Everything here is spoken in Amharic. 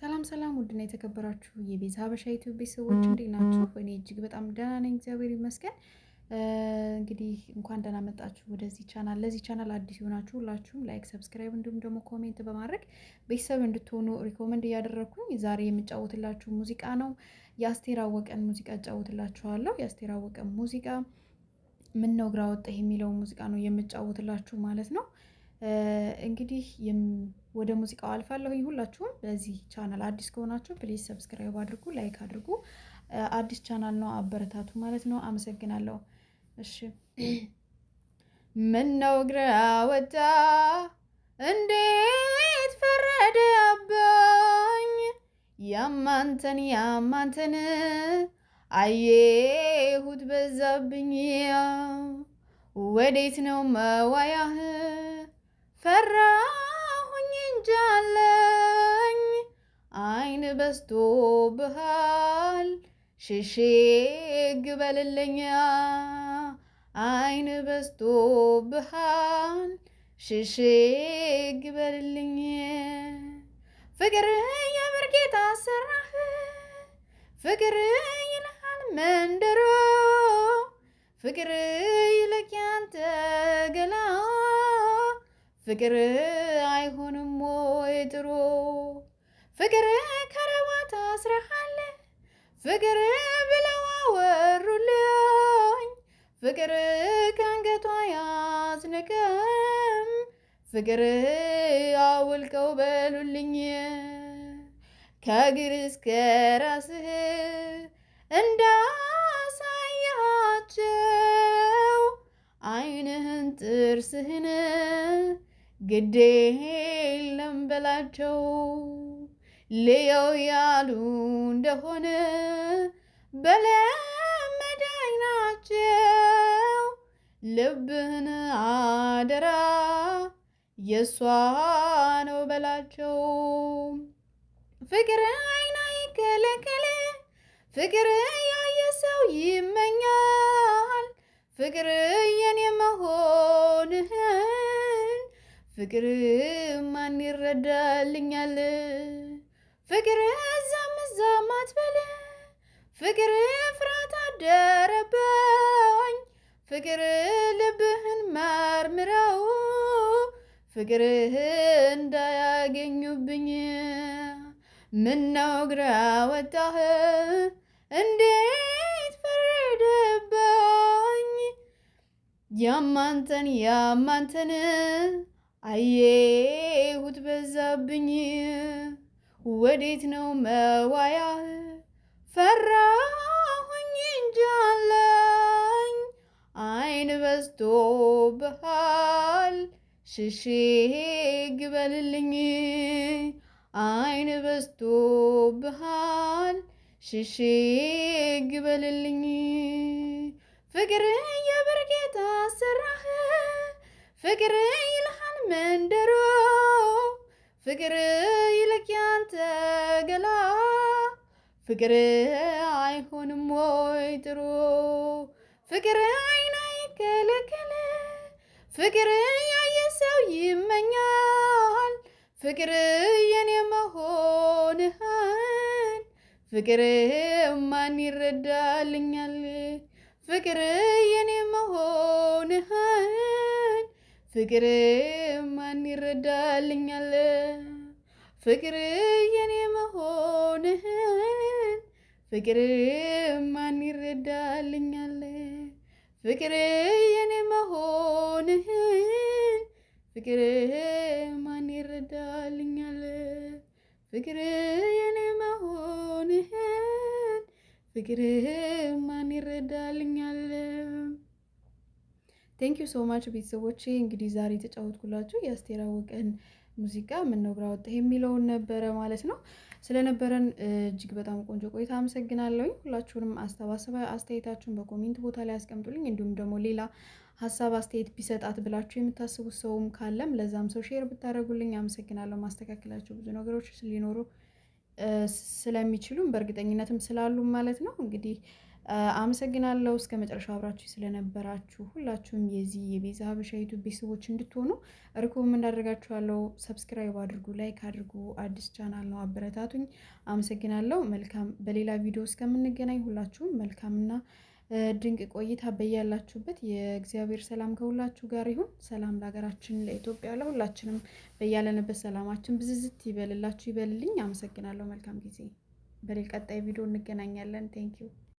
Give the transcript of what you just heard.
ሰላም ሰላም፣ ውድና የተከበራችሁ የቤዝ ሀበሻ ዩቲዩብ ቤተሰቦች እንዴት ናችሁ? እኔ እጅግ በጣም ደህና ነኝ፣ እግዚአብሔር ይመስገን። እንግዲህ እንኳን ደህና መጣችሁ ወደዚህ ቻናል። ለዚህ ቻናል አዲስ የሆናችሁ ሁላችሁም ላይክ፣ ሰብስክራይብ እንዲሁም ደግሞ ኮሜንት በማድረግ ቤተሰብ እንድትሆኑ ሪኮመንድ እያደረግኩኝ ዛሬ የምጫወትላችሁ ሙዚቃ ነው። የአስቴር አወቀን ሙዚቃ እጫወትላችኋለሁ። የአስቴር አወቀን ሙዚቃ ምን ነው ግራ ወጣህ ሙዚቃ ነው የምጫወትላችሁ ማለት ነው። እንግዲህ ወደ ሙዚቃው አልፋለሁኝ። ሁላችሁም በዚህ ቻናል አዲስ ከሆናችሁ ፕሊዝ ሰብስክራይብ አድርጉ፣ ላይክ አድርጉ። አዲስ ቻናል ነው፣ አበረታቱ ማለት ነው። አመሰግናለሁ። እሺ ምን ነው እግር አወጣ እንዴት ፈረደብኝ? ያማንተን ያማንተን አየሁት በዛብኝ። ወዴት ነው መዋያህ? ፈራሁኝ እንጃለኝ አይን በስቶ ብሃል ሽሼ አይን በስቶ ብሃል ሽሼ ፍቅር ሰራህ ፍቅር ይልሃል መንደሮ ፍቅር ፍቅር አይሆንም ወይ ድሮ ፍቅር ከረባት አስረሃለ ፍቅር ብለው አወሩልኝ ፍቅር ከአንገቷ ያዝንቅም ፍቅር አውልቀው በሉልኝ ከእግር እስከ ራስህ እንዳሳያቸው አይንህን ጥርስህን ግድ የለም በላቸው ልየው ያሉ እንደሆነ በለመደ አይናቸው ልብን አደራ የእሷ ነው በላቸው። ፍቅር አይን አይከለከል፣ ፍቅር ያየ ሰው ይመኛል ፍቅር ፍቅር ማን ይረዳልኛል? ፍቅር እዛም እዛም አትበል፣ ፍቅር ፍርሃት አደረበኝ። ፍቅር ልብህን መርምረው፣ ፍቅርህ እንዳያገኙብኝ። ምነው ግራ ወጣህ እንዴት ፈረደበኝ? ያማንተን ያማንተን አየሁት በዛብኝ ወዴት ነው መዋያ ፈራሁኝ እንጃለኝ አይን በዝቶብሃል ሽሼ ግበልልኝ አይን በዝቶብሃል ሽሼ ግበልልኝ ፍቅር የብርጌታ ሰራህ ፍቅር ይልሃል ምንድሮ ፍቅር ይልቅ ያንተ ገላ ፍቅር አይሆንም ወይ ጥሩ ፍቅር አይናይ ከለከለ ፍቅር ያየ ሰው ይመኛል ፍቅር የኔ መሆንህን ፍቅር ማን ይረዳልኛል ፍቅር የኔ መሆንህን ፍቅር ማን ይረዳልኛል? ፍቅር የኔ መሆንህን ፍቅር ማን ይረዳልኛል? ፍቅር የኔ መሆንህን ፍቅር ማን ይረዳልኛል? ፍቅር የኔ መሆንህን ፍቅር ማን ይረዳልኛል? ቴንክ ዩ ሶ ማች ቤተሰቦቼ። እንግዲህ ዛሬ የተጫወትኩላችሁ የአስቴር አወቀን ሙዚቃ ነው ግራ ወጣ የሚለውን ነበረ ማለት ነው። ስለነበረን እጅግ በጣም ቆንጆ ቆይታ አመሰግናለሁኝ። ሁላችሁንም አስተባሰበ አስተያየታችሁን በኮሜንት ቦታ ላይ አስቀምጡልኝ። እንዲሁም ደግሞ ሌላ ሀሳብ አስተያየት ቢሰጣት ብላችሁ የምታስቡት ሰውም ካለም ለዛም ሰው ሼር ብታደረጉልኝ አመሰግናለሁ። ማስተካከላቸው ብዙ ነገሮች ሊኖሩ ስለሚችሉም በእርግጠኝነትም ስላሉ ማለት ነው እንግዲህ አመሰግናለሁ። እስከ መጨረሻው አብራችሁ ስለነበራችሁ ሁላችሁም የዚህ የቤዛ ሀበሻ ዩቱብ ቤተሰቦች እንድትሆኑ ሪኮም እንዳደርጋችኋለሁ። ሰብስክራይብ አድርጉ፣ ላይክ አድርጉ። አዲስ ቻናል ነው፣ አበረታቱኝ። አመሰግናለሁ። መልካም በሌላ ቪዲዮ እስከምንገናኝ ሁላችሁም መልካምና ድንቅ ቆይታ በያላችሁበት የእግዚአብሔር ሰላም ከሁላችሁ ጋር ይሁን። ሰላም ለሀገራችን ለኢትዮጵያ ለሁላችንም በያለንበት ሰላማችን ብዝዝት ይበልላችሁ ይበልልኝ። አመሰግናለሁ። መልካም ጊዜ። በሌላ ቀጣይ ቪዲዮ እንገናኛለን። ቴንኪው